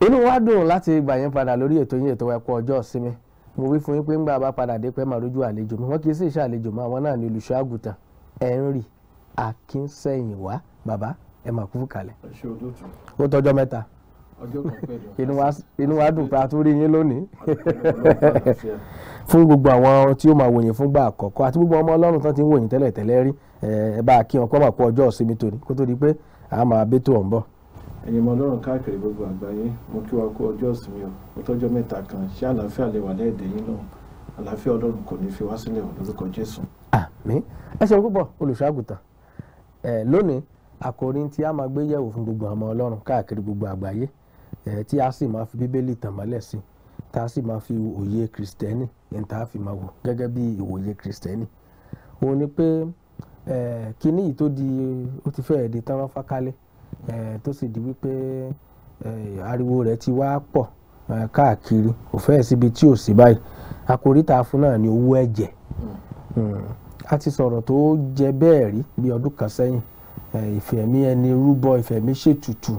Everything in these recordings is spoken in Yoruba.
inú wa dùn láti gbà yín padà lórí ètò yín ètò wa ẹ̀kọ́ ọjọ́ ìsinmi mo wí fún yín pé ńgbà bá padà dé pé máa rojú àlejò mi wọ́n kì í sì ṣàlejò mọ́ àwọn náà ní olùṣọ́ àgùntàn Henry Akínsẹ́yìnwá bàbá ẹ máa kú kalẹ̀. ó tọjọ́ mẹ́ta inú wa dùn pé a tún rí yín lónìí fún gbogbo àwọn tí ó máa wòyìn fúngbà àkọ́kọ́ àti gbogbo ọmọ ọlọ́run tán ti ń wòyìn tẹ́lẹ̀tẹ́lẹ̀ rí ẹ bá a kí wọn kọ́ máa kú ọjọ́ ìsinmi tòní kó tó di pé a máa bẹ́tò ọ̀ ń bọ̀ ẹ̀yin ọmọ ọlọ́run káàkiri gbogbo àgbáyé mo kí wa kú ọjọ́ ìsinmi o mo tọ́jọ́ mẹ́ta kan ṣé àlàáfíà lè wà lẹ́ẹ̀dẹ̀ yín náà àlàáfíà ọlọ́run kò ní fi wá sílẹ̀ lórúkọ jésù. àmín ẹ ṣeun púpọ̀ olùṣọ́àgùtàn ẹ lónìí àkòrí tí a máa gbé yẹ̀wò fún gbogbo ọmọ ọlọ́run káàkiri gbogbo àgbáyé ẹ tí a sì máa fi bíbélì tàn mọ́lẹ̀ sí tá a sì máa fi òye kristẹni ní tó sì di wípé ariwo rẹ̀ ti wá pọ̀ káàkiri kò fẹ́ẹ̀ síbi tí ò sí báyìí àkòrí a fún náà ni owó ẹ̀jẹ̀ hmm. a ti sọ̀rọ̀ tó jẹ bẹ́ẹ̀ rí bí ọdún kan sẹ́yìn ìfẹ̀mí ẹni rúbọ ìfẹ̀mí ṣètùtù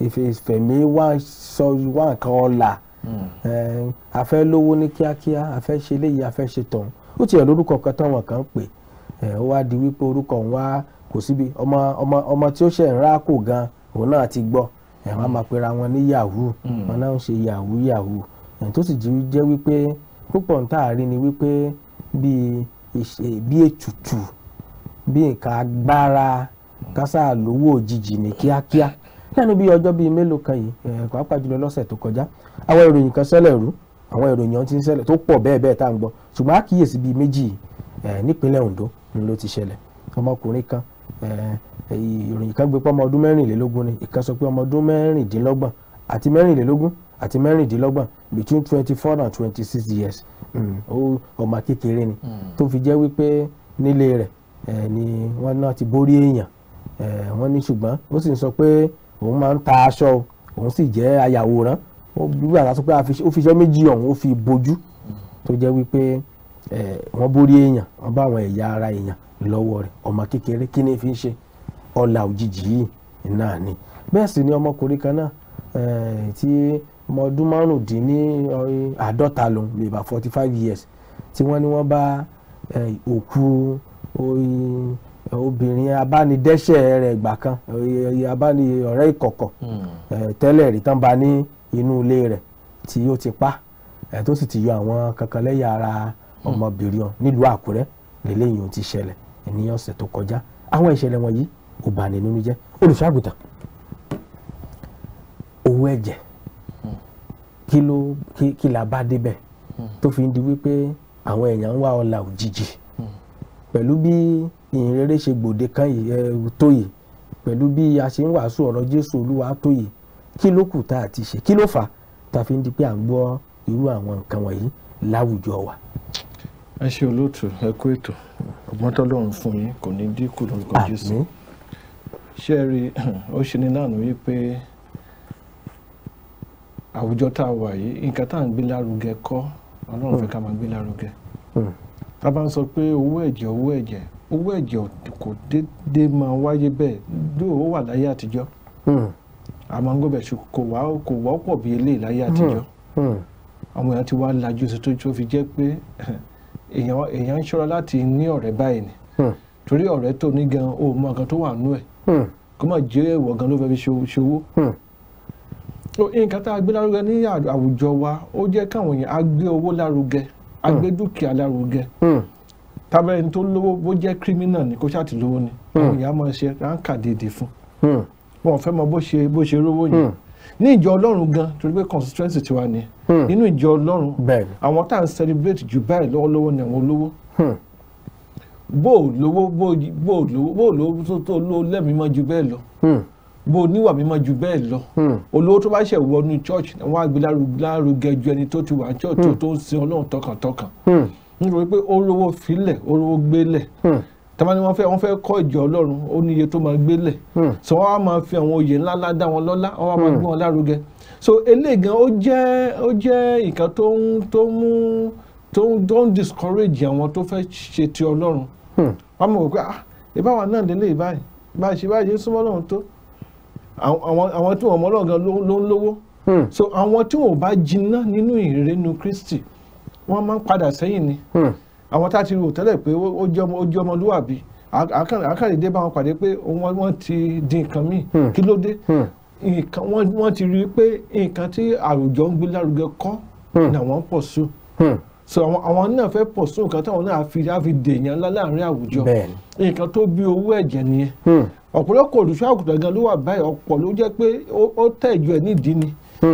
ìfẹ̀mí wá sọ wá nǹkan ọ̀la hmm. a fẹ́ lówó ní kíákíá a fẹ́ ṣe léyìí a fẹ́ ṣe tọ̀hún ó tiẹ̀ lórúkọ kan táwọn kan pè ó wá di wípé orúkọ òun wá kò síbi ọmọ ọmọ ọmọ tí ó ṣe ń rá kò gan òun náà ti gbọ́ ẹ̀ wọ́n á máa pera wọn ní yahoo hmm. wọn náà ń ṣe yahoo yahoo ẹ̀ tó sì jẹ́ wípé púpọ̀ ń tààrí ni wípé bíi bí ètùtù bí nǹkan agbára kásá lówó òjijì ní kíákíá lẹ́nu bí ọjọ́ bíi mélòó kan yìí pàápàá jùlọ lọ́sẹ̀ tó kọjá àwọn ìròyìn kan ṣẹlẹ̀ rú àwọn ìròyìn ọ̀hún ti tó pọ̀ bẹ́ẹ̀ bẹ́ẹ̀ tá à ń gbọ́ ṣùgbọ́n àkíyèsí bíi méjì nípínlẹ̀ Ondo ló ti ṣẹlẹ̀ ọmọkùnrin kan ìròyìn kan gbé pé ọmọ ọdún mẹ́rìnlélógún ni ìkan sọ pé ọmọ ọdún mẹ́rìndínlọ́gbọ̀n àti mẹ́rìnlélógún àti mẹ́rìndínlọ́gbọ̀n between twenty four and twenty six years hmm, ọmọ kékeré ni hmm. tó fi jẹ́ wípé nílé rẹ̀ ni wọ́n náà ti borí èèyàn wọ́n ní ṣùgbọ́n ó sì ń sọ pé òun máa ń ta aṣọ òun sì jẹ́ ayàwòrán ó gbà láti pé ó fi iṣẹ́ méjì ọ̀hún ó fi bojú hmm. tó jẹ́ wípé wọ́n borí èèyàn wọ́n bá àwọn ẹ̀yà ara èèyàn lọ́wọ́ rẹ̀ ọmọ kékeré kí ni fi ń ṣe ọlà òjijì yìí náà ni bẹ́ẹ̀ sì ni ọmọkùnrin kan náà eh, tí ọmọ ọdún márùndínláàádọ́ta lòun lè bá forty five years tí wọ́n ní wọ́n bá eh, òkú obìnrin abánidẹ́ṣẹ̀ rẹ̀ ìgbà kan abáni ọ̀rẹ́ ìkọ̀kọ̀ hmm. eh, tẹ́lẹ̀ rí tán bá ní inú ilé rẹ̀ tí ó ti pa tó sì ti yọ àwọn kankan lẹ́yà ara hmm. ọmọbìnrin nílùú Àkúrẹ́ lélẹ́yìn ó ti ṣẹlẹ̀ ní ọ̀sẹ̀ tó kọjá àwọn ìṣẹ̀lẹ̀ wọ̀nyí ò bà ní nínú jẹ́ olùṣọ́àgùtàn owó ẹ̀jẹ̀ kí ló kí la bá débẹ̀ tó fi ń di wípé àwọn èèyàn ń wá ọlà òjijì pẹ̀lú bí ìyìn rere ṣe gbòde kan yìí tó yìí pẹ̀lú bí a ṣe ń wàásù ọ̀rọ̀ Jésù Olúwa tó yìí kí ló kù tá a ṣe kí ló fà tá a fi ń di pé à ń gbọ́ irú àwọn nǹkan wọ̀nyí láwùjọ wa ẹ ṣe olóòtú ẹ kú ètò ọgbọ́n tọ́lọ́run fún yín kò ní dínkù lórúkọ Jésù ṣé ẹ rí ó ṣe ní láàánú yìí pé àwùjọ tá a wà yìí nǹkan tá à ń gbé lárugẹ kọ́ Ọlọ́run fẹ́ hmm. ká máa gbé lárugẹ hmm. tá a bá ń sọ pé owó ẹ̀jẹ̀ owó ẹ̀jẹ̀ owó ẹ̀jẹ̀ kò déédé máa wáyé bẹ́ẹ̀ dóò ó wà láyé àtijọ́ àmọ́ gómìnà ṣe kò wá kò wọ́pọ̀ bí eléyìí láyé àtijọ́ hmm. àwọn èèyàn ti wá lajú sí tó fi jẹ́ pé èèyàn èèyàn ń ṣọ́ra láti ní ọ̀rẹ́ báyìí ni hmm. torí ọ̀rẹ́ tó ní gan o mọ nǹkan tó wà nú ẹ̀ hmm. kó má jẹ́ èèwọ̀ gan ló fẹ́ fi ṣòwò. Hmm. nǹkan tá a gbé lárugẹ ní àwùjọ wa ó jẹ́ káwọn èèyàn á gbé owó lárugẹ á gbé dúkìá lárugẹ tábẹ́ni tó lówó bó jẹ́ kírímínà ni kó ṣáàtì lówó ni àwọn èèyàn á mọ ṣe ránkà dèdè fún wọn ò fẹ́ mọ bó ṣe bó ṣe rówó yẹn ní ìjọ ọlọ́run gan torí pé constituency tiwa ni hmm. nínú ìjọ ọlọ́run àwọn tá à ń celebrate jù báyìí lọ́wọ́lọ́wọ́ ni àwọn olówó hmm. bó lówó bó lówó bó lówó tó tó lówó lẹ́mìímọ́ ju bẹ́ẹ̀ lọ hmm. bó níwà mímọ́ ju bẹ́ẹ̀ lọ olówó tó bá ṣe wọnú church wọn á gbé lárugẹ ju ẹni tó ti wà church tó ń sin ọlọ́run tọkàntọkàn nítorí pé ó lówó filẹ̀ ó lówó gbélẹ̀ tọ́ba ni wọ́n fẹ́ wọ́n fẹ́ kọ́ ìjọ ọlọ́run ó níye tó máa gbélẹ̀ hmm. so wọ́n á máa fi àwọn oyè ńlá ńlá dá wọn lọ́lá wọ́n á máa hmm. gbé wọn lárugẹ so eléyìí gan ó jẹ́ ó jẹ́ nǹkan tó ń tó ń mú tó ń tó ń discourage àwọn tó fẹ́ ṣe ti ọlọ́run hmm. wọ́n mọ̀ pé ah ìbáwa náà lélẹ̀ báyìí báyìí ṣe báyìí ṣe súnmọ́ ọlọ́run tó àwọn tí wọ́n mọ̀ ọlọ́run gan ló ń lówó so àwọn tí wọ́n bá jiná nínú ìrẹ́nu Kristi wọ́n máa ń padà sẹ́yìn ni. Hmm àwọn tá a ti rò tẹ́lẹ̀ pé ó jẹ́ ọmọlúwàbí àkàrèdé bá wọn pàdé pé wọ́n ti di nǹkan míì hmm. kí ló dé hmm. nǹkan wọ́n ti rí i pé nǹkan tí àwùjọ ń gbé lárugẹ kọ́ hmm. ni àwọn pọ̀ sí so àwọn náà fẹ́ pọ̀ sí nǹkan táwọn náà fi fi dèèyàn ńlá láàrin àwùjọ nǹkan tó bí owó ẹ̀jẹ̀ nìyẹn ọ̀pọ̀lọpọ̀ olùṣọ́ àgùntàn gan ló wà báyìí ọ̀pọ̀ ló jẹ́ pé ó tẹ̀ ẹ̀ nídìí ni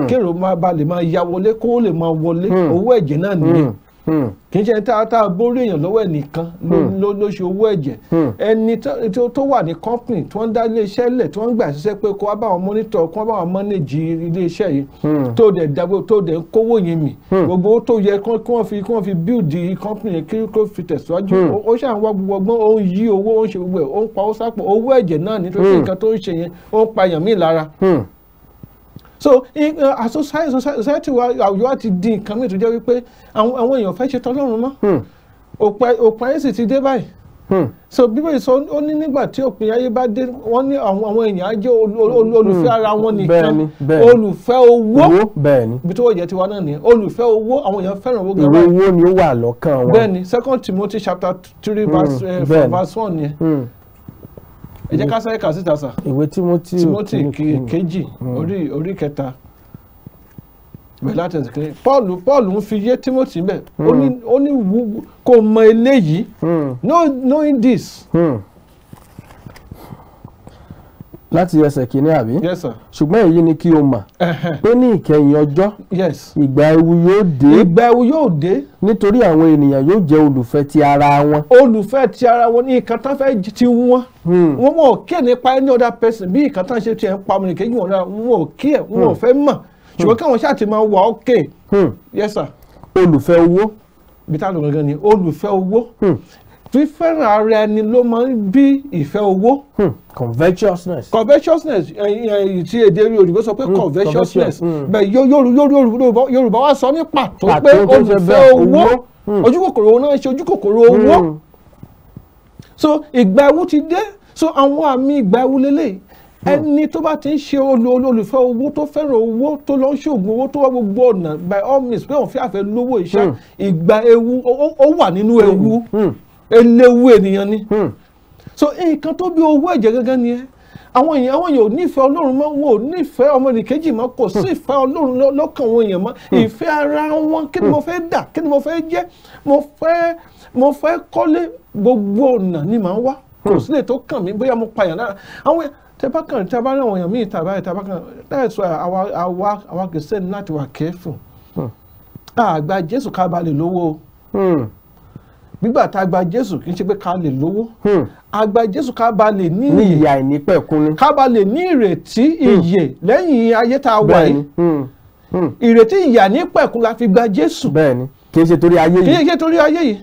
kéèrò máa ba lè máa ya wọlé kó lè máa wọlé owó ẹ̀jẹ̀ náà nìyẹn Hmm. kì í ṣe tá a bórí èèyàn lọ́wọ́ ẹnìkan ló hmm. ṣe owó ẹ̀jẹ̀ hmm. ẹni tó wà ní company tí wọ́n ń dá iléeṣẹ́ lẹ̀ tí wọ́n ń gbà ṣiṣẹ́ pé kó wá bá wọn mọ́nítọ̀ kó wá bá wọn mọ́nẹ́jì iléeṣẹ́ yìí tó dẹ̀ dábò tó dẹ̀ ń kówó yẹn mì gbogbo owó tó yẹ kí wọ́n fi kí wọ́n fi build company yẹn kí kó fi tẹ̀síwájú ó ṣàn wá gbogbo ọgbọ́n ó ń yí owó ó ń ṣe gbogbo ẹ̀ ó ń pa ó sápò owó ẹ̀jẹ̀ náà nítorí nǹkan so in uh, society society, wa àwùjọ ti di nǹkan mìíràn tó jẹ́ wípé àwọn èèyàn fẹ́ ṣe tọ́lọ́run mọ́ hmm. òpin ayé sì ti dé báyìí hmm. so bíbélì sọ ó ní nígbà tí òpin ayé bá dé wọ́n ní àwọn èèyàn á jẹ́ hmm. olùfẹ́ ara wọn nìkan olùfẹ́ owó bí tó wọ́n jẹ́ tiwa náà nìyẹn olùfẹ́ owó àwọn èèyàn fẹ́ràn owó gan-an. ìwé owó ni ó wà lọ́kàn wọn. bẹ́ẹ̀ni second timothy chapter three eh, verse one nìyẹn ẹ jẹ́ ká sáré kà síta sà. ìwé Timothy Timothy kejì hmm. orí orí kẹta bẹ̀rẹ̀ láti Paul Paul ń fi yé Timothy bẹ́ẹ̀ ó ní hmm. kò mọ eléyìí hmm. knowing this. Mm láti ẹsẹ̀ kìíní àbí ṣùgbọ́n èyí ni kí o mọ̀ pé ní ìkẹyìn ọjọ́ ìgbà ewu yóò dé ìgbà ewu yóò dé nítorí àwọn ènìyàn yóò jẹ́ olùfẹ́ ti ara wọn. olùfẹ́ ti ara wọn ní nǹkan ti wọn hmm. wọn wọn kí ẹ̀ nípa any other person bí nǹkan tán ṣe tiẹ̀ ń pa ọmọnìkejì wọn náà wọn ò kí ẹ̀ wọn ò hmm. fẹ́ mọ̀ hmm. ṣùgbọ́n káwọn ṣáà ti máa wà ókè fífẹ́ràn ara ẹni ló máa ń bí ìfẹ́ owó. Hmm, covetousness. covetousness tí èdè òyìnbó sọ pé hmm, covetousness hmm. bẹ́ẹ̀ yorùbá wa sọ ní pàtó pé olùfẹ́ owó ojúkòkòrò owó náà ṣe ojúkòkòrò owó. so ìgbà ewu ti dé so àwọn àmì ìgbà ewu lélẹ́yìí ẹni tó bá ti ń ṣe olùfẹ́ owó tó fẹ́ràn owó tó lọ ń ṣoògùn owó tó wá gbogbo ọ̀nà by all means pé òun fẹ́ àfẹ́ lówó iṣẹ́ ìgbà ewu ó wà nínú ewu eléwu ènìyàn ni hmm. so nǹkan tó bí owó ẹ̀jẹ̀ gángan ni ẹ àwọn èèyàn àwọn èèyàn ò nífẹ̀ẹ́ ọlọ́run mọ́ wọn ò nífẹ̀ẹ́ ọmọnìkejì mọ́ kò sí ìfẹ́ ọlọ́run lọ́kàn àwọn èèyàn mọ́ hmm. ìfẹ́ ara wọn kí ni mo fẹ́ dà kí ni mo fẹ́ jẹ́ mo fẹ́ mo fẹ́ kọ́lé gbogbo ọ̀nà ni màá wá kò hmm. sílẹ̀ tó kàn mí bóyá mo pààyàn lára àwọn tẹ́bá kan tẹ́bá rẹ̀ wọ̀nyàn míì tàbá rẹ̀ tẹ́bá kan láì sọ àwa àwa àwa kìí sẹ́ni láti wà kẹ́fù àgbà Jésù ká balẹ̀ lówó gbígbà tá a gba jésù kì í ṣe pé ká lè lówó hmm. a gba jésù ká ba lè ní ìyè àìnípẹ̀kúnni ká ba lè ní ìrètí hmm. ìyè lẹ́yìn ayé tá a wà yìí hmm. ìrètí ìyè àìnípẹ̀kún la fi gba jésù bẹ́ẹ̀ni kì í ṣe torí ayé yìí kì í ṣe torí ayé yìí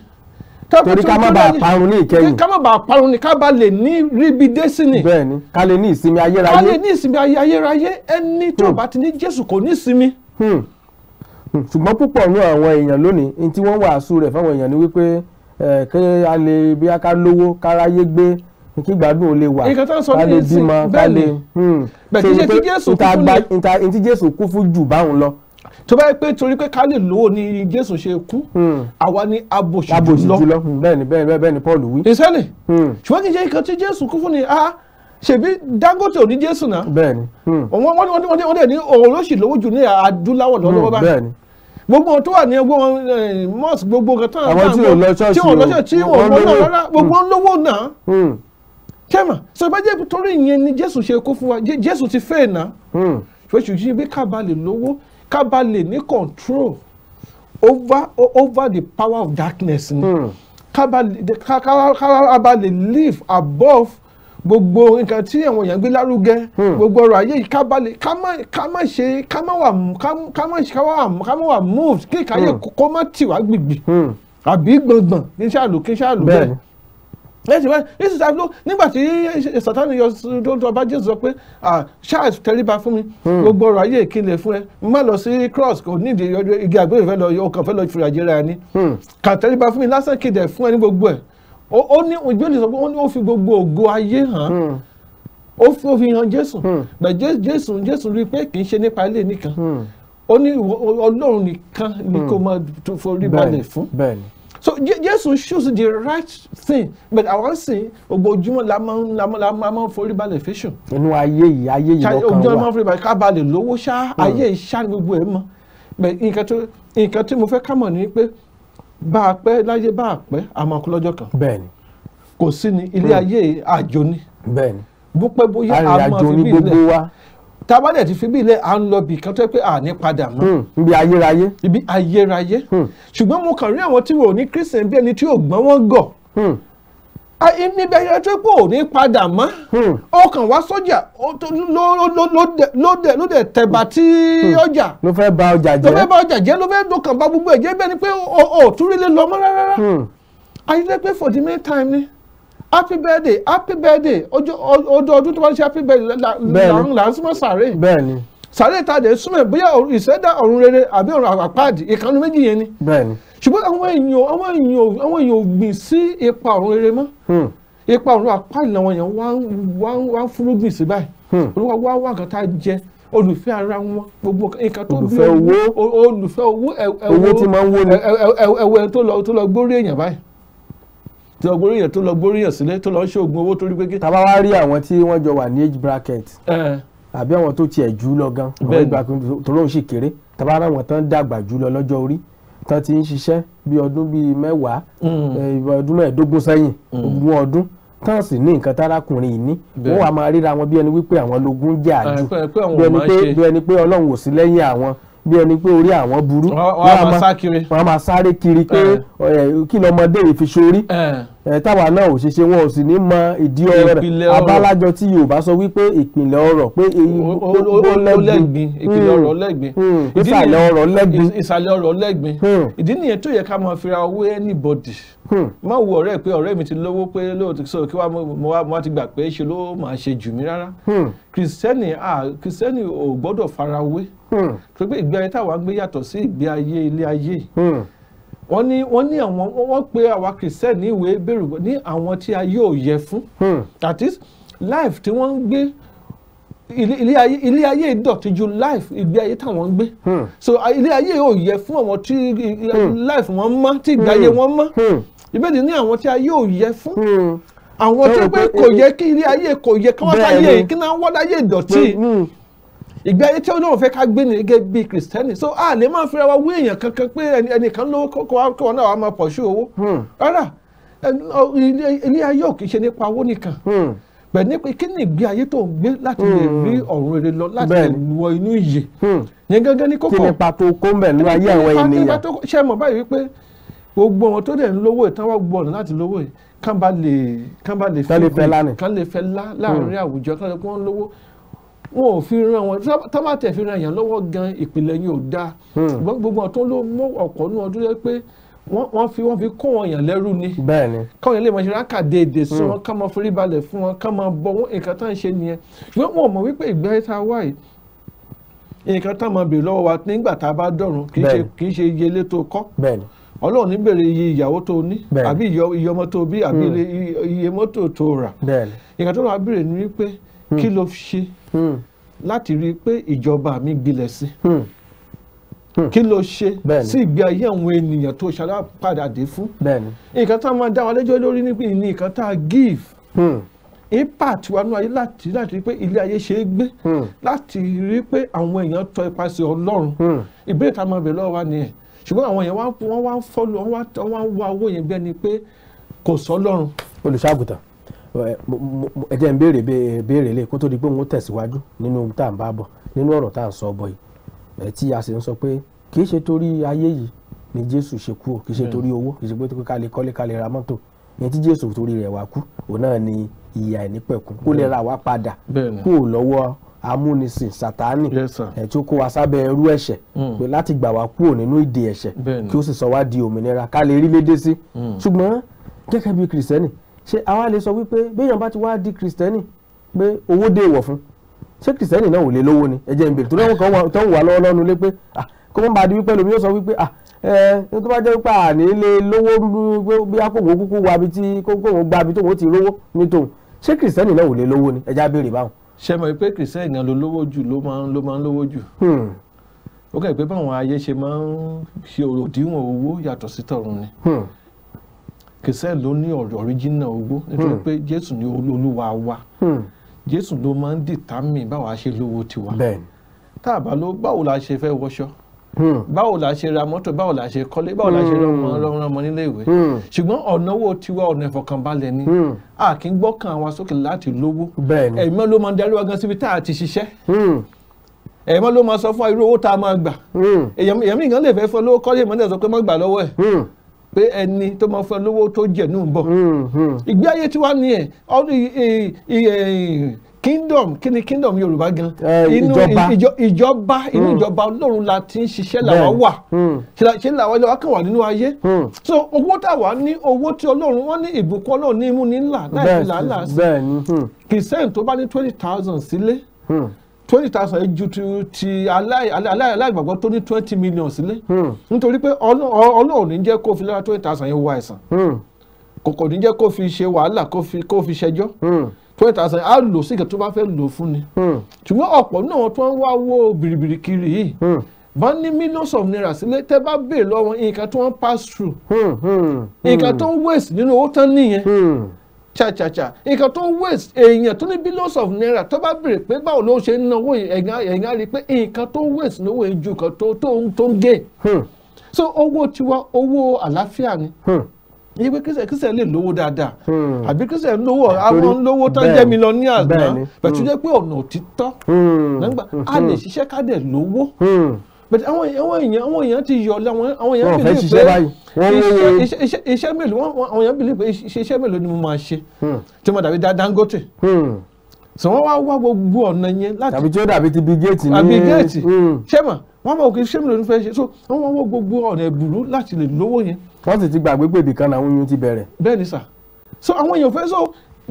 torí ká má bàa parun ní ìkẹyìn ká má bàa parun ní ká ba lè ní ríbi dé sí ni bẹ́ẹ̀ni ká lè ní ìsinmi ayérayé ká lè ní ìsinmi ayérayé ẹni tó bá ti ní jésù kò ní ìsinmi ṣùgbọ́n púpọ̀ nínú àwọn èèyàn lónìí ní tí wọ́n wàásù rẹ̀ fáwọn èèyàn ni wípé kí a lè bí a ká lówó káráyé gbé kí gbádùn ò lè wà ká lè bímọ ká lè hmm. ṣe ní Jésù kú fún jù báwọn lọ tó bá yẹ pé torí pé ká lè lówó ni jésù ṣe kú hmm. àwa ni abòṣì jùlọ hmm, bẹ́ẹ̀ni bẹ́ẹ̀ni bẹ́ẹ̀ni paul wí. ìsẹ́lẹ̀ ṣùgbọ́n kì í ṣe nǹkan tí jésù kú fún ni a ah, ṣèbí dangote ò ní jésù náà. bẹ́ẹ̀ni. wọ́n wọ́n ní òun ló sì lówó jù ní adúláwọ̀ lọ́wọ́ báyìí. bẹ́ẹ̀ni gbogbo tó wà ní ẹgbẹ́ wọn mọ́ọ̀sì gbogbo kan tán àwọn tí wọn lọ ṣọ́ọ̀ṣì tí wọn lọ ṣọ́ọ̀ṣì tí wọn lọ náà rárá gbogbo wọn hmm. lówó náà hmm. kẹ́mà sọ bá jẹ́ torí ìyẹn ni jésù ṣe kó fún wa jésù ti fẹ́ náà ṣùgbọ́n ṣùgbọ́n bí ká ba lè lówó ká ba lè ní control over over the power of darkness ni hmm. ká ba lè live above gbogbo nǹkan tí àwọn èèyàn gbé lárugẹ hmm. gbogbo ọrọ̀ ayé yìí ká balẹ̀ ká má ṣe ká má wà ká má ṣe ká má wà moved kí ìkáyé hmm. kó má tì wá gbìgbì hmm. àbí gbọ̀ngbọ̀n kí n ṣàlù kí n ṣàlù bẹ́ẹ̀ lẹ́sìn wá yéṣu sáà ló nígbà tí sátánì yọ ọba jésù sọ pé charles tẹríba fún mi gbogbo ọrọ̀ ayé ìkìlẹ̀ fún ẹ má lọ sí cross kò nídìí igi àgbélé fẹ́ lọ ọkàn fẹ́ lọ fìràjẹrẹ ẹni kà tẹríba fún mi lásán kìdẹ̀ fún ẹ ní gbogbo ẹ̀ ó ní ìjọ́ni sọ pé ó ní ó fi gbogbo ògo ayé hàn hmm. ó fi hàn Jésù hmm. bẹ̀ Jésù Jésù rí i pé kì í ṣe nípa ilé nìkan hmm. ó ní Ọlọ́run nìkan ni kò máa forí balẹ̀ fún so Jésù choose the right thing but àwọn sìn ojoojúmọ́ la máa la máa forí balẹ̀ fẹ́sùn. inú ayé yìí ayé yìí lọ́kàn wa ojoojúmọ́ máa forí balẹ̀ ká balẹ̀ lówó ṣá ayé ìṣá gbogbo ẹ̀ mọ́ nǹkan tí mo fẹ́ ká mọ̀ ni pé bá a pẹ́ láyé bá a pẹ́ àmọ́ kú lọ́jọ́ kan. bẹ́ẹ̀ni. kò sí ni ilé ayé àjò ni. bẹ́ẹ̀ni. bó pẹ́ bóyá a máa fi bí ilẹ̀ tabalẹ̀ ti fi bí ilẹ̀ à ń lọ bì kan tó yẹ pé à ní padà mọ́. Hmm, ibi ayérayé. ibi ayérayé. Hmm. ṣùgbọ́n mo kàn rí àwọn tí wọn ò ní kírísítẹ̀n bí ẹni tí ò gbọ́n wọn gọ̀. Hmm níbẹ̀ yẹn tó pé ò ní padà mọ́ hmm. ọkàn wá sọ́jà ló dẹ̀ tẹ̀bà hmm. tí ọjà ló fẹ́ ba ọjà jẹ́ ló fẹ́ ba ọjà jẹ́ ló fẹ́ dọkàn ba gbogbo ẹ̀ jẹ́ bẹ́ẹ̀ ni pé ò túrílé lọ mọ́ rárá hmm. ayílẹ̀ pé for the main time ni happy birthday happy birthday ọdọọdún tó bá ń ṣe happy birthday là ń súnmọ́ sàárè bẹ́ẹ̀ni sàárè ta dẹ̀ súnmọ́ bóyá ìṣẹ̀dá ọ̀run rere àbí ọ̀run àpáàdì ìkànnì méjì yẹn ni bẹ́ẹ̀ni ṣùgbọ́n àwọn èèyàn àwọn èèyàn àwọn èèyàn ò gbìn sí ipa ọ̀run rere mọ́ hmm. ipa ọ̀run apá ìlànà wọn yẹn wá ń fúrúgbìn sí báyìí hmm. olúwa wá wá nǹkan tá a jẹ olùfẹ́ ara wọn gbogbo nǹkan tó bí owó olùfẹ́ owó owó tí máa ń wó ni ẹwọ ẹ tó lọ gbórí èèyàn báyìí tí lọ gbórí èèyàn tó lọ gbórí èèyàn sílẹ̀ tó lọ ṣoògùn owó torí pé. tàbá wá rí àwọn tí wọ́n jọ wà ní age bracket àbí àwọn tó tiẹ̀ jù lọ gan àwọn ìgbà tó lóun sì kéré tàbá ara wọn tán dàgbà jù lọ lọ́jọ́ orí tán ti ń ṣiṣẹ́ bí ọdún bíi mẹ́wàá mm. eh, ọdún mẹ́ẹ̀ẹ́dógún sẹ́yìn mm. ogún ọdún tán sì ní nǹkan tárákùnrin yìí ní wọn wà máa ríra wọn bí ẹni wípé àwọn lógún jà jù bí ẹni pé ọlọ́run ò sí lẹ́yìn àwọn bí ẹni pé orí àwọn burú wọn a máa sáré kiri pé eh. Eh, kí lọmọdé yìí fi ṣorí táwa náà ò ṣe ṣe wọn ò sì ní mọ ìdí ọ̀rọ̀ rẹ̀ abálájọ tí Yorùbá sọ wípé ìpìlẹ̀ ọ̀rọ̀ pé eyín ó lẹ́gbin ìpìlẹ̀ ọ̀rọ̀ lẹ́gbin hmm, hmm, ìsàlẹ̀ ọ̀rọ̀ lẹ́gbin ìsàlẹ̀ ọ̀rọ̀ lẹ́gbin ìdí nìyẹn tó yẹ ká máa fira owó anybody hmm. má wo ọ̀rẹ́ pé ọ̀rẹ́ mi ti lówó pé lóòótọ́ sọ kí wọ́n ti gbà pé ṣe ló máa ṣe jù mí rárá kìrìsìtẹ́nì kìrìsìtẹ́nì ò gbọ́dọ̀ farawé torí pé ìgbé ayé táwa ń gbé yàtọ̀ sí ìgbé ayé ilé ayé wọ́n ní wọ́n ní àwọn wọ́n pe àwa kìrìsẹ́ẹ̀ ní ìwé bẹ̀rù ní àwọn tí a yóò yẹ fún hmm. that is life tí wọ́n ń gbé ilé ayé ilé ayé ìdọ̀tí ju life ìgbé ayé táwọn ń gbé hmm. so ilé ayé yóò yẹ fún àwọn tí hmm. life wọn mọ́ tí ìgbé ayé wọn mọ́ ìbéèrè ní àwọn tí ayé ò yẹ fún àwọn tí pé kò yẹ kí ilé ayé kò yẹ kí wọ́n láyé kí náà wọ́n láyé ìdọ̀tí ìgbé ayé tí Ọlọ́run fẹ́ ká gbé ní gẹ́gẹ́ bíi kìrìsìtẹ́nì so a lè máa fira wa wé èèyàn kankan pé ẹnìkan lówó kọ́kọ́ náà wàá máa pọ̀ṣù owó hmm. rárá ilé ayé ò kì í ṣe nípa owó nìkan hmm. bẹ́ẹ̀ ni pé kí ni ìgbé ayé tó ń gbé láti lè hmm. rí ọ̀run rere lọ láti lè wọ inú ìyè yẹn gángan ní kókó kí ni pàtó kó ń bẹ̀ nínú ayé àwọn ènìyàn ṣe mọ̀ báyìí wípé gbogbo àwọn tó dẹ̀ ń lówó ìtàn wá gbọ́ ọ̀nà láti lówó yìí kán bá lè kán lè fẹ́ lá láàrin àwùjọ kán lè kó ń lówó wọn ò fi ran wọn tọ́mátẹ̀ fi ran èèyàn lọ́wọ́ gan ìpìlẹ̀ yìí ò dáa hmm. gbogbo ọ̀tún ló mú ọ̀pọ̀ nínú ọdún yẹn pé wọ́n fi wọ́n fi kó wọn yàn lẹ́rú ni bẹ́ẹ̀ni káwọn yẹn lè máa ṣe rákà déédéé sí hmm. wọn ká máa forí balẹ̀ fún wọn ká máa bọ̀ wọn nǹkan tó ń ṣe nìyẹn ṣùgbọ́n wọn mọ̀ wípé ìgbà yẹn tá a wá yìí nǹkan tá a máa béèrè lọ́wọ́ wa nígbà tá a bá dọ̀run kì í ṣe iye ilé tó kọ́ ọlọ́run ní béèrè iye ìyàwó tó ní àbí iye ọmọ tó bí àbí hmm. iye mọ́tò tó rà nǹkan tó wà béèrè ni wípé kí ló ṣe Hmm. láti rí i pé ìjọba mi gbilẹ̀ sí hmm. Hmm. kí ló ṣe sí ìgbé ayé àwọn ènìyàn tó ṣara padà dé fún nǹkan tá a máa dá wa lẹ́jọ́ lórí níbi ní nǹkan tá a give impact wa nínú ayé láti láti rí pé ilé ayé ṣe é gbé láti rí pé àwọn èèyàn tọ ipasẹ̀ Ọlọ́run ìbéèrè tá a máa bẹ̀ lọ́wọ́ wa nìyẹn ṣùgbọ́n àwọn èèyàn wọ́n wá ń fọ́lù wọ́n wá ń wá owó yẹn pé kò sọ́ lọ́run. olùṣàgùtàn ẹ jẹ́ n béèrè béèrè lè e kó tó di pé òun tẹ̀síwájú nínú tá à ń bá bọ̀ nínú ọ̀rọ̀ tá à ń sọ bọ̀ yìí ẹ tí a sì ń sọ pé kì í ṣe torí ayé yìí ni Jésù ṣe kú o kì í ṣe hmm. torí owó kì í ṣe pé ká lè kọ́lé ká lè ra mọ́tò ní tí Jésù torí rẹ̀ wá kú òun náà ni ìyà ìnípẹ̀kún kó lè hmm. ra wá padà kó lọ́wọ́ amúnisìn sátánì ẹ tí ó kó wa sábẹ́ ẹrú ẹ̀ṣẹ̀ hmm. pé láti gbà wá kúrò nínú ìdè ẹ̀ṣẹ̀ kí ó sì sọ wá di òmìnira ká lè rí lédè sí ṣùgbọ́n gẹ́gẹ́ bí kìrìsìtẹ́nì ṣé àwa lè sọ wípé béèyàn bá ti wá di kìrìsìtẹ́nì pé owó dé ìwọ̀ fún ṣé kìrìsìtẹ́nì náà ò lè lówó ni ẹ jẹ́ n bèrè torí àwọn kan tó ń wà lọ́wọ́ lọ́nu lé pé ah, kó má bàa di wípé lómi yóò sọ wípé ah, ẹ tó bá jẹ́ wípé àní lè lówó pé bí akóhùn kúkú wa bi tí kóhùn gba bi tóhùn ti rówó ní tòun ṣé kìrìsìtẹ́nì náà ò lè lówó ni ẹ já béèrè báwọn. ṣé mọ̀ pé kìrìsìtẹ́nì náà ló lówó kìsẹ́ ló ní ọ̀ríjínà owó nítorí hmm. pé jésù ni olúwa wa hmm. jésù ló máa ń dìtámì báwa ṣe lówó tiwa tá a bá ló báwo la ṣe fẹ́ wọṣọ hmm. báwo la ṣe ra mọ́tò báwo la ṣe kọ́lé báwo la ṣe rán nílé ìwé ṣùgbọ́n ọ̀nàwó tiwa ọ̀nà ìfọ̀kànbalẹ̀ ni a kì í gbọ́kàn wa sókè láti lówó ẹ̀mọ́ ló máa ń darí wa gan síbi tá a ti ṣiṣẹ́ ẹ̀mọ́ ló máa sọ fún irú owó tá a máa gbà èèyàn mi nìkan lè fẹ́ fọ́ lówó kọ́lé ìmọ̀lẹ́ pé ẹni tó máa fẹ́ lówó tó jẹ̀ nù ń hmm, hmm. ìgbé ayé tiwa ni ẹ̀ ọdún kingdom kí kingdom yorùbá gan inú ìjọba inú hmm. ìjọba ọlọ́run la ti ń ṣiṣẹ́ làwa wà ṣe làwa làwa kàn wà nínú ayé so owó tá a wà ní owó tí ọlọ́run wọ́n ní ìbùkún ọlọ́run ní imú ní ńlá láì fi làálàá sí kìsẹ́ǹ tó bá ní twenty thousand sílé twenty thousand ẹ ju ti aláìgbàgbọ́ tó ní twenty million sílẹ̀ hmm. nítorí pé ọlọ́run ní jẹ́ kó fi lára twenty thousand yẹn wá ẹ̀san hmm. kòkò ní jẹ́ kó fi ṣe wàhálà kó fi ṣẹjọ́ hmm. twenty thousand á lò sí ìkẹ́ tó bá fẹ́ lò fún ni ṣùgbọ́n ọ̀pọ̀ náà tó ń wá wó bìrìbìrì kiri yìí bá ní millions of naira sílẹ̀ tẹ́ bá béèrè lọ́wọ́ nǹkan tó ń pass through nǹkan tó ń waste nínú owó tán nìyẹn chachacha nǹkan tó waste èèyàn tó ní billions of naira tó bá béèrè pé báwo ló ṣe ń náwó ẹ̀yìn ẹ̀yìn á rí i pé nǹkan tó waste lówó yẹn ju nǹkan tó ń gain hmm. so owó tiwa owó àlàáfíà ni. Hmm ní pé kírísẹ̀ kírísẹ̀ lè lówó dáadáa hmm. àbí kírísẹ̀ lówó àwọn lówó tó jẹ́ millionaires náà bẹ̀tú jẹ́ pé ọ̀nà òtítọ́ hmm. nígbà a lè ṣiṣẹ́ ká dẹ̀ lówó but àwọn àwọn èèyàn àwọn èèyàn ti yọ àwọn àwọn èèyàn bìlẹ̀ pé iṣẹ́ iṣẹ́ mélòó àwọn èèyàn bìlẹ̀ pé iṣẹ́ mélòó ni mo máa ṣe hmm. tí mo dàbí Dangote hmm. sọ wọn wá wá gbogbo ọ̀nà yẹn láti tàbí tí ó dàbí ti bí géètì ní àbí géètì ṣẹ́mà wọ́n mọ̀ kí sẹ́mi lónìí fẹ́ ṣe so wọ́n wọ́n wọ́n gbogbo ọ̀nà ìbùrú láti lè lówó yẹn. wọ́n sì ti gbàgbé pé ibìkan làwọn oyún ti bẹ̀rẹ̀. bẹ́ẹ̀ni so àwọn èèyàn fẹ́ sọ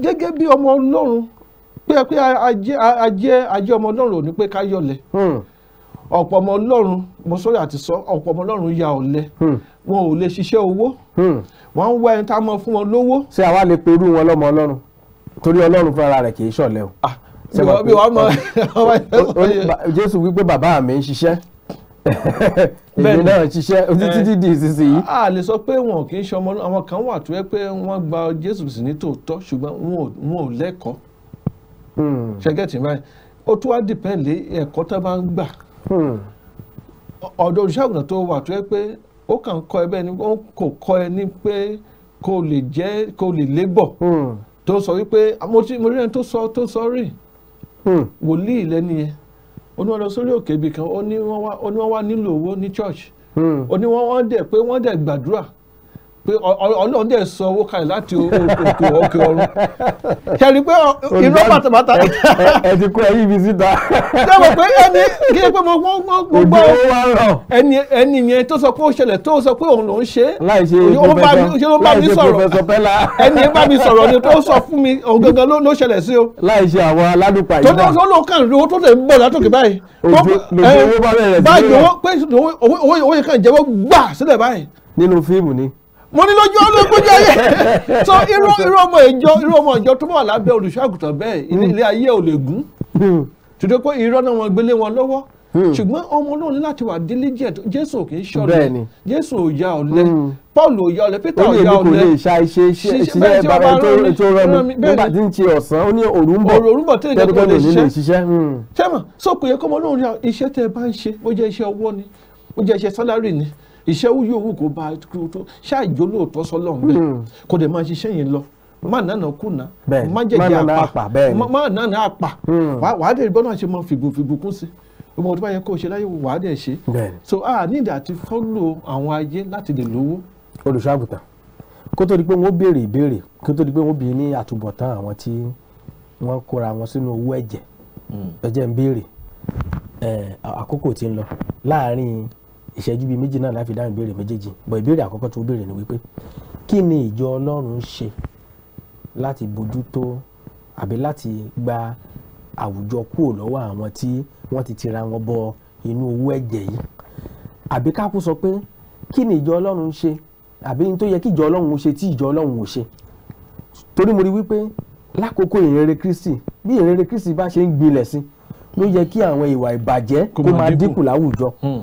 gẹ́gẹ́ bí ọmọ Ọlọ́run pé pé ọ̀pọ̀ ọmọ ọlọ́run mo sórí àti sọ ọ̀pọ̀ ọmọ ọlọ́run ya ọ̀lẹ hmm. wọn ò lè ṣiṣẹ́ owó hmm. wọ́n ń wá ẹni tá a mọ fún wọn lówó. ṣé àwa lè pe irú wọn lọ́mọ ọlọ́run torí ọlọ́run fúnra rẹ̀ kì í ṣọ̀lẹ o. bí ah, wọ́n mọ jésù wípé bàbá mi ń ṣiṣẹ́ èmi náà ṣiṣẹ́ títí di ìsinsìnyí. a lè sọ pé wọn kì í ṣe ọmọ àwọn kan wà tó yẹ pé wọ́n gba jésù sí ní tòótọ́ ṣùgbọ́n wọn ò lẹ́kọ̀ọ́ hmm. ṣẹ́gẹ́tì báyìí ó tún wá dìpẹ́ lé ẹ̀kọ́ tó bá ń gbà Hmm. ọ̀dọ̀ olùṣègùn tó wà tó yẹ pé ó kàn kọ́ ẹ bẹ́ẹ̀ ni ó kò kọ́ ẹ ní pé kò lè jẹ́ kò lè lébọ̀ hmm. tó sọ wípé mo rí ẹni tó sọ tó sọ rí hmm. wòlíì lẹ́ni yẹn ó ní wọ́n lọ sórí òkè ibì kan ó ní wọ́n wá nílò owó ní church ó ní wọ́n wọ́n dẹ̀ pé wọ́n dẹ̀ gbàdúrà pé ọlọ́run dẹ̀ sọ owó kalẹ̀ láti òkè òkè ọ̀run ṣẹ̀rí pé inú bàtàbàtà. ẹ ti kó ẹyí ibi síta. ṣé mo pé ẹni kí ni pé mo gbọ́ mo gbọ́ ẹni ẹni yẹn tó sọ pé ó ṣẹlẹ̀ tó sọ pé òun lòún ṣe. láìṣe pòfẹsọ pẹ́lá. ẹni bá mi sọ̀rọ̀ ni tó sọ fún mi òun gangan ló ṣẹlẹ̀ sí o. láìṣe àwọn aládùúgbò àyíká. tó tó lóun kàn lówó tó lè bọ̀ látòkè báyìí. òjò owó bá bẹ̀rẹ̀ sí. báyìí owó yìí kàn jẹ́wọ́ gbà sílẹ̀ báyìí. nínú fíìmù ni mo ní lójú olóògbójú ayé so irú irú ọmọ ìjọ irú ọmọ ìjọ tó wà lábẹ́ olùṣọ́àgùtàn bẹ́ẹ̀ ilé ayé ò lè gún tòdó pé irọ́ náà wọ́n gbélé wọn lọ́wọ́ ṣùgbọ́n ọmọ olóòrùn ní láti wà diligent jésù kì í ṣọ̀lẹ jésù ò ya ọ̀lẹ hmm. paul ò ya ọ̀lẹ peter ò ya ọ̀lẹ. ó ní èmi kò lè ṣa iṣẹ́ ìṣiṣẹ́ bàbá ètò rọrùn nígbà tí ń ṣe ọ̀sán ó ní òru ń bọ̀ òru ń bọ̀ tẹ́lẹ̀ kò lè ṣiṣẹ́. sẹ́mà sọ́kùnrin kọ́mọ olóòrùn iṣẹ́ tẹ́ ẹ bá ń ṣe bó jẹ́ iṣẹ́ ọwọ́ ni bó jẹ́ iṣẹ́ sálárì ni iṣẹ́ wúyọ̀ wù kó bá kú tó ṣáàjó lóòótọ́ sọ́lọ́run bẹ́ẹ̀ hmm. kó dẹ̀ máa ṣiṣẹ́ yẹn lọ má nànà kùnà má jẹ̀jẹ̀ àpà má nànà àpà wàá dẹ̀ gbọ́dọ̀ ṣe mọ fìgbòfìgbò kún sí ọmọ tó bá yẹ kó ṣe láyé wàá dẹ̀ ṣe so a need àti follow àwọn ayé láti lè lówó. olùṣọ́àgùtàn kó tó di pé wọ́n béèrè ìbéèrè kó tó di pé wọ́n bí ní àtúbọ̀tán àwọn tí wọ́n kóra wọn sínú owó ẹ̀jẹ̀ hmm. ẹ̀jẹ̀ ń béèrè àkókò tí ń lọ láàárín ìṣẹ́jú bíi méjì náà láfi dáhùn ìbéèrè méjèèjì bọ̀ ìbéèrè àkọ́kọ́ tó béèrè ni wípé kí ni ìjọ Ọlọ́run ń ṣe láti bójútó àbí láti gba àwùjọ kúrò lọ́wọ́ àwọn tí wọ́n ti tira wọn bọ inú owó ẹ̀jẹ̀ yìí àbí kákú sọ pé kí ni ìjọ Ọlọ́run ń ṣe àbí ní tó yẹ kí ìjọ Ọlọ́run ó ṣe tí ìjọ Ọlọ́run ò ṣe torí mo rí wípé lákòókò ìrere Kristi bí ìrere Kristi bá ṣe ń gbilẹ̀ sí ló yẹ kí àwọn ìwà ìbàjẹ́ kó máa dínkù láwùjọ. Hmm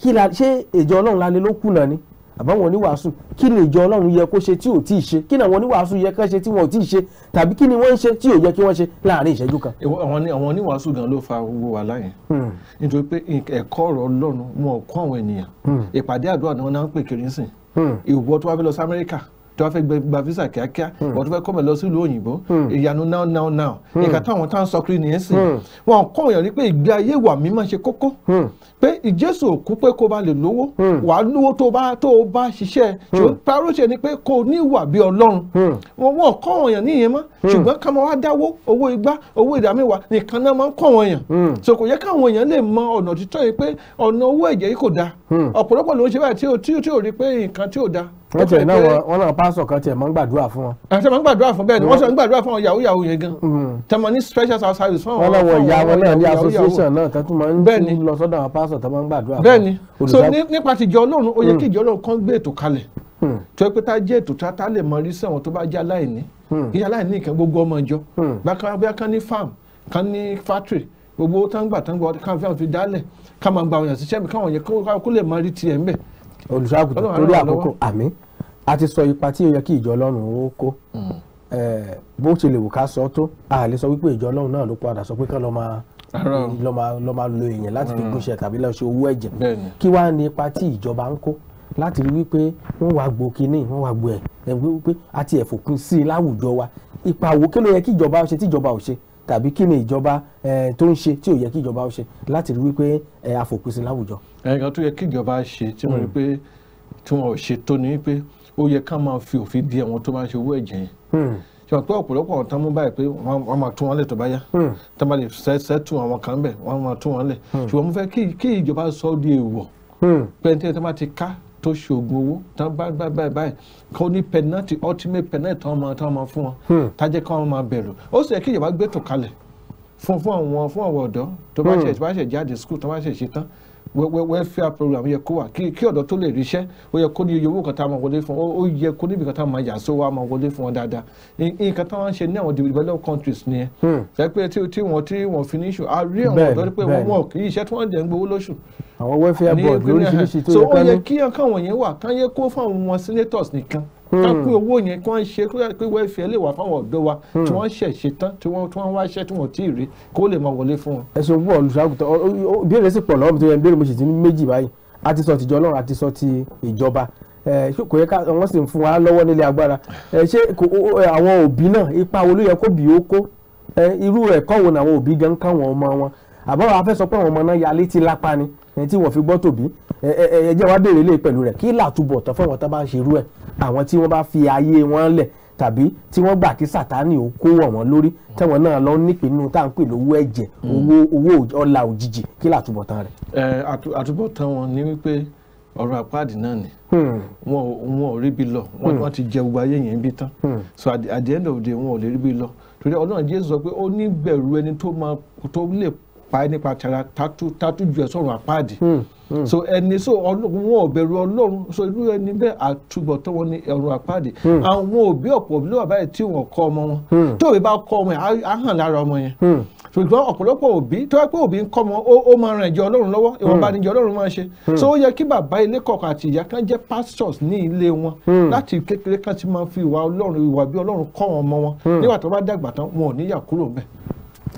kí la ṣé ìjọ ọlọ́run lálẹ́ ló kùnà ni àbáwọn oníwàásù kí ni ìjọ ọlọ́run yẹ kó ṣe tí ò tí ì ṣe kí ni àwọn oníwàásù yẹ kó ṣe tí wọn ò tí ì ṣe tàbí kí ni wọ́n ń ṣe tí ò yẹ kí wọ́n ṣe láàrin ìṣẹ́jú kan. àwọn oníwàásù gan ló fa owó wa láyẹn hmm. nítorí pé ẹ̀kọ́ ọ̀rọ̀ ọlọ́run wọn ò kọ́ àwọn ènìyàn hmm. ìpàdé àdúrà ni wọ́n náà ń pè kiri ń sìn hmm. ìwọ tó wá fẹ́ lọ sí Amẹ́ríkà tó wá fẹ́ gba visa kíákíá hmm. wọ́n tó fẹ́ kọ́mọ̀ lọ sílùú òyìnbó hmm. ìyanu now now now hmm. ìka táwọn tá à ń sọ kiri nìyẹn sìn wọn kọ́ èèyàn ní pé ìgbé ayé wà mímọ́ ṣe kókó pé ìjésù òkú pé kó ba lè lówó wà á lówó tó bá tó bá ṣiṣẹ́ ṣùgbọ́n parọ́ṣẹ́ ni pé kó ní ìwà bí ọlọ́run wọn wọn kọ́ èèyàn níyẹn mọ́ ṣùgbọ́n ká máa wá dáwó owó igbá owó ìdámẹ́wàá nìkan náà máa ń kọ́ wọn èèyàn so kò yẹ káwọn èèyàn lè mọ ọ̀nà títọ́ yìí pé ọ̀nà owó ẹ̀jẹ̀ yìí kò dáa ọ̀pọ̀lọpọ̀ ló ń ṣe báyìí tí ò rí pé nǹkan tí ò dáa wọ́n tiẹ̀ náà wọ́n náà pásọ̀ kan tiẹ̀ máa ń gbàdúrà fún wọn. àti ah, máa ń gbàdúrà fún bẹ́ẹ̀ ni wọ́n sọ ń gbàdúrà fún yahoo yahoo yẹn gan. Mm. tẹmọ ní special health service fún àwọn ọmọ wọn ìyá wọn náà ní association náà tó tún máa ń lọ sọ́dọ̀ àwọn pásọ̀ tó máa ń gbàdúrà fún. bẹ́ẹ̀ni so nípa tìjọ Ọlọ́run ó yẹ mm. kí ìjọ Ọlọ́run kan gbé ètò kalẹ̀ mm. tó yẹ pé tá jẹ́ ètò tá lè mọ rí sí tó bá jẹ́ aláìní olùṣọ́àgùtàn torí àkókò àmín a ti sọ ipa tí ó yẹ kí ìjọ ọlọ́run ó kó hmm. bó ṣe lè wò ká sọ tó a lè sọ wípé ìjọ ọlọ́run náà ló padà sọ pé kán lọ́ọ́ máa lọ́ọ́ máa lo èèyàn láti fi hmm. gúnṣẹ́ tàbí lọ́ọ́ ṣe owó ẹ̀jẹ̀ kí wàá ní ipa tí ìjọba ń kó láti rí wípé wọ́n wá gbo kínní wọ́n wá gbo ẹ̀ ẹ̀ wípé àti ẹ̀fòpin sí i láwùjọ wa ipa wo kí ló yẹ kí ìjọba ṣe tí ìjọba ò ṣe tàbí kí ni ìjọba tó ń ṣe tí ò yẹ kí ìjọba ó ṣe láti rí wípé a fòpin sí láwùjọ. ẹ̀ka tó yẹ kí ìjọba ṣe tí wọ́n rí hmm. pé tí wọ́n ṣe tó ni pé ó yẹ ká máa fi òfin di àwọn tó máa ṣe owó ẹ̀jẹ̀ yẹn sọ hmm. pé ọ̀pọ̀lọpọ̀ ọ̀tá mú báyìí pé wọ́n máa tún wọn lẹ̀ tó bá yá hmm. tó bá lè sẹ́tù àwọn kan bẹ̀ wọ́n máa tún wọn lẹ̀ ṣùgbọ́n mo fẹ́ kí ìjọba sọ ọ́ di èèwọ̀ pé ẹni tí ẹ tó ṣoògùn owó tán bá gbá báyìí báyìí kó ní penalty ultimate penalty tán máa tán máa fún wọn hmm. tájẹ́ kí wọ́n máa bẹ̀rù ó sì yẹ kí ìjọba gbé tò kalẹ̀ fún fún àwọn fún àwọn ọ̀dọ́ tó bá hmm. ṣe jáde school tó bá ṣe ṣe tán welfare program yẹ kó wà kí ọ̀dọ́ tó lè ríṣẹ́ ó yẹ kó ní iye owó kan tá a máa wọlé fún ó yẹ kó níbi kan tá a máa yà só wa máa wọlé fún wọn dáadáa nǹkan tá a ń ṣe ní àwọn developed countries nìyẹn hmm. ṣe pé tí wọ́n tí wọ́n fi ní ṣù a rí àwọn ọ̀dọ́ pé wọ́n wọ̀ kí iṣẹ́ tí wọ́n jẹ́ ń gbowó lóṣù. àwọn welfare board lóríṣiríṣi tó yẹ ká ní. so ó yẹ kí ọkàn wọ̀nyẹn wà kán yẹ kó fún àwọn senators nìkan ká hmm. pín owó yẹn kí wọ́n ṣe pé wẹ́ẹ̀fì ẹ lè wà fáwọn ọ̀dọ́ wa hmm. tí wọ́n ṣẹ̀ ṣe tán tí wọ́n wá ṣẹ́ tí wọ́n tí ì rí kó lè máa wọlé fún wọn. ẹ̀sùn púpọ̀ olùṣàgùtàn ìbéèrè sì pọ̀ lọ́wọ́ mi tó yẹ ìbéèrè mo sì ti ní méjì báyìí a ti sọ tìjọ Ọlọ́run a ti sọ ti ìjọba kò yẹ ká wọ́n sì ń fún wa lọ́wọ́ nílé agbára ṣé àwọn òbí náà ipa wo ló yẹ kó bí ó kó irú ẹ̀kọ́ wo làwọn òbí gan káwọn ọmọ wọn àbọ̀wọ̀ afẹ́ sọ pé àwọn ọmọ náà yalé ti lápá ni tí wọ́n fi gbọ́ tòbí ẹ jẹ́ béèrè lé pẹ̀lú rẹ̀ kí làtúbọ̀ tán fún àwọn tó bá ń ṣerú ẹ̀ àwọn tí wọ́n bá fi ayé wọn lẹ̀ tàbí tí wọ́n gbà kí sátánì ó kó wọ̀ lórí tẹ̀wọ̀n náà lọ nípinnu tá à ń pè lówó ẹ̀jẹ̀ hmm. owó owó ọlà òjijì kí làtúbọ̀ tán rẹ̀. ẹ àtúbọ̀ tán wọn ni wípé ọ̀rọ̀ àpáàdì náà ni hmm. wọn ò ríbi lọ wọn hmm. ti jẹ gbogbo ayé yẹn bí tán so at, the end of the day wọn ò lè ríbi lọ torí ọlọ́run jésù sọ pé ó ní bẹ̀rù ẹni tó lè pa ẹ́ nípa tara tátú ju ẹ̀ sọ̀rọ̀ àpáàdì. Hmm. so ẹni so wọn ò bẹ̀rù ọlọ́run so irú ẹni bẹ́ẹ̀ àtúbọ̀tán wọn ní ẹ̀rùn àpáàdì hmm. àwọn òbí ọ̀pọ̀ ló wà báyìí tí wọn kọ́ ọmọ wọn hmm. tó òbí bá kọ́ ọmọ yẹn á hàn lára ọmọ yẹn ṣùgbọ́n ọ̀pọ̀lọpọ̀ òbí tó yẹ pé òbí ń kọ́ ọmọ ó máa ràn ìjọ ọlọ́run lọ́wọ́ ìwọ̀nba ni ìjọ ọlọ́run máa ṣe so ó yẹ kí bàbá ilé kọ̀ọ̀kan àti ìyá kan jẹ́ pastors ní ilé wọn láti kékeré kan ti máa fi ìwà ọlọ́run ìwà bí ọlọ́run kọ́ wọn ọmọ wọn nígbà tó bá dàgbà tán wọn ò níyà kúrò bẹ́ẹ̀.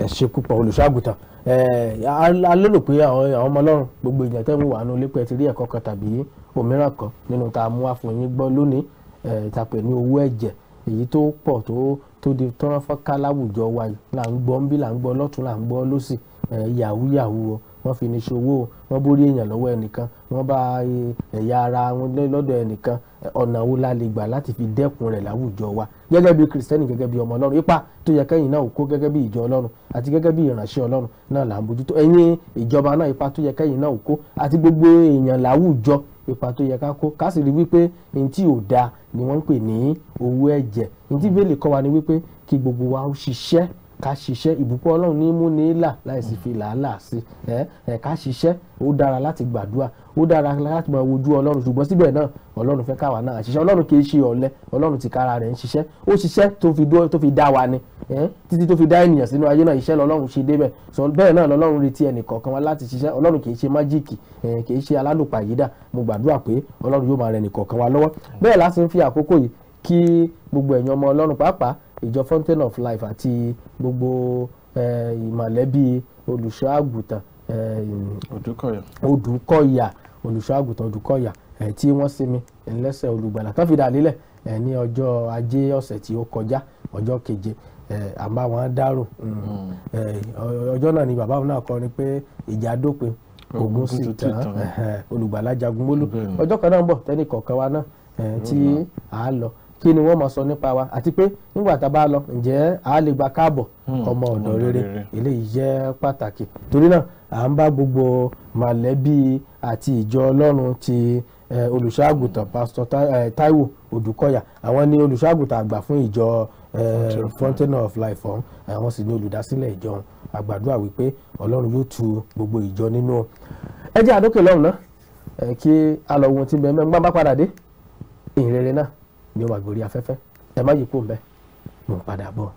ẹ ṣe púpọ̀ olùṣọ́ àgùntàn a lérò pé àwọn ọmọ ọlọ́run gbogbo èèyàn tẹ́ wà nínú ilé ti rí ẹ̀kọ́ kan tàbí òmíràn kan nínú tá a mú àfọyín gbọ́ lónìí ìtàpẹ̀ ní owó ẹ̀jẹ̀ èyí tó pọ̀ tó tó di tọ́rọ́fọ́ká láwùjọ wa là ń gbọ́ ń bí là ń gbọ́ lọ́tún là ń gbọ́ yahoo yahoo wọ́n fi ní ṣòwò wọ́n bórí èèyàn lọ́wọ́ ẹnìkan wọ́n bá e, ẹ̀yà ara wọn lọ́dọ̀ ẹnìkan ọ̀nà wo la lè gbà láti fi dẹ́kun rẹ̀ láwùjọ wa gẹ́gẹ́ bí kìrìsìtẹ́nì gẹ́gẹ́ bí ọmọ ọlọ́run ipa tó yẹ kẹ́yìn náà kó gẹ́gẹ́ bí ìjọ ọlọ́run àti gẹ́gẹ́ bí ìránṣẹ́ ọlọ́run náà là ń bójútó ẹ̀yin ìjọba náà ipa tó yẹ kẹ́yìn náà kó àti gbogbo èèyàn láwùjọ ipa tó yẹ ká kó ká rí wípé ní tí ò dáa ni wọ́n ń pè ní owó ẹ̀jẹ̀ ní tí bẹ́ẹ̀ lè kọ́ wa ni wípé kí gbogbo wa ó ṣiṣẹ́ ká ṣiṣẹ́ ìbùkún ọlọ́run ní mú ní là láìsí fi làálàá sí ẹ ẹ ká ṣiṣẹ́ ó dára láti gbàdúrà ó dára láti máa wojú ọlọ́run ṣùgbọ́n síbẹ̀ náà ọlọ́run fẹ́ káwa náà ṣiṣẹ́ ọlọ́run kì í ṣe ọ̀lẹ ọlọ́run ti kára rẹ̀ ń ṣiṣẹ́ ó ṣiṣẹ́ tó fi dá wa ni títí tó fi dá ènìyàn sínú ayé náà iṣẹ́ lọ́lọ́run ṣe débẹ̀ sọ bẹ́ẹ̀ náà lọ́lọ́run retí ẹnìkọ̀ọ̀kan wa láti ṣiṣẹ́ ọlọ́run kì í ṣe májíìkì kì í ṣe alálùpàyídà mo gbàdúrà pé ọlọ́run yóò máa rẹ ẹnìkọ̀ọ̀kan wa lọ́wọ́ bẹ́ẹ̀ láti fi àkókò yìí kí gbogbo ẹ̀yin ọmọ ọlọ́run pàápàá ìjọ fountain of life àti gbogbo ìmọ̀lẹ́bí olùṣọ́ àgùntàn odùkọ̀yà olùṣọ́ àgùntàn odùkọ̀yà tí wọ́n sinmi ẹlẹ́sẹ̀ olùgbàlà tó fi dà nílẹ̀ ní ọjọ́ ajé ọ̀sẹ̀ tí ó kọjá ọjọ́ keje àmọ́ àwọn dárò hmm. ọjọ́ náà ni bàbá òun náà kọrin pé ìjà dópin ogun sì tán olùgbàlà jagunmólú ọjọ́ kan náà ń bọ̀ tẹ́nì wa náà tí à lọ kí ni wọ́n máa sọ nípa wa àti pé nígbà tá a bá lọ ǹjẹ́ a lè gba káàbọ̀ hmm, ọmọ ọ̀dọ̀ rere eléyìí jẹ́ pàtàkì torí náà à ń bá gbogbo màlẹ́bí àti ìjọ ọlọ́run ti olùṣọ́àgùtàn pásítọ̀ Táíwò Òdùkọ̀yà àwọn ni olùṣọ́àgùtàn àgbà fún ìjọ Fountain of Life ọ̀hún àwọn sì ni olùdásílẹ̀ ìjọ a gbàdúrà wípé ọlọ́run yóò tu gbogbo ìjọ nínú ẹ jẹ́ àdókè lọ́run náà kí a lọ wo ohun tí ń mẹ́rin gbọ́n bá padà dé ìhìnrere náà ni ó wà gbórí afẹ́fẹ́ ẹ má yí kó ń bẹ́ mò ń padà bọ̀.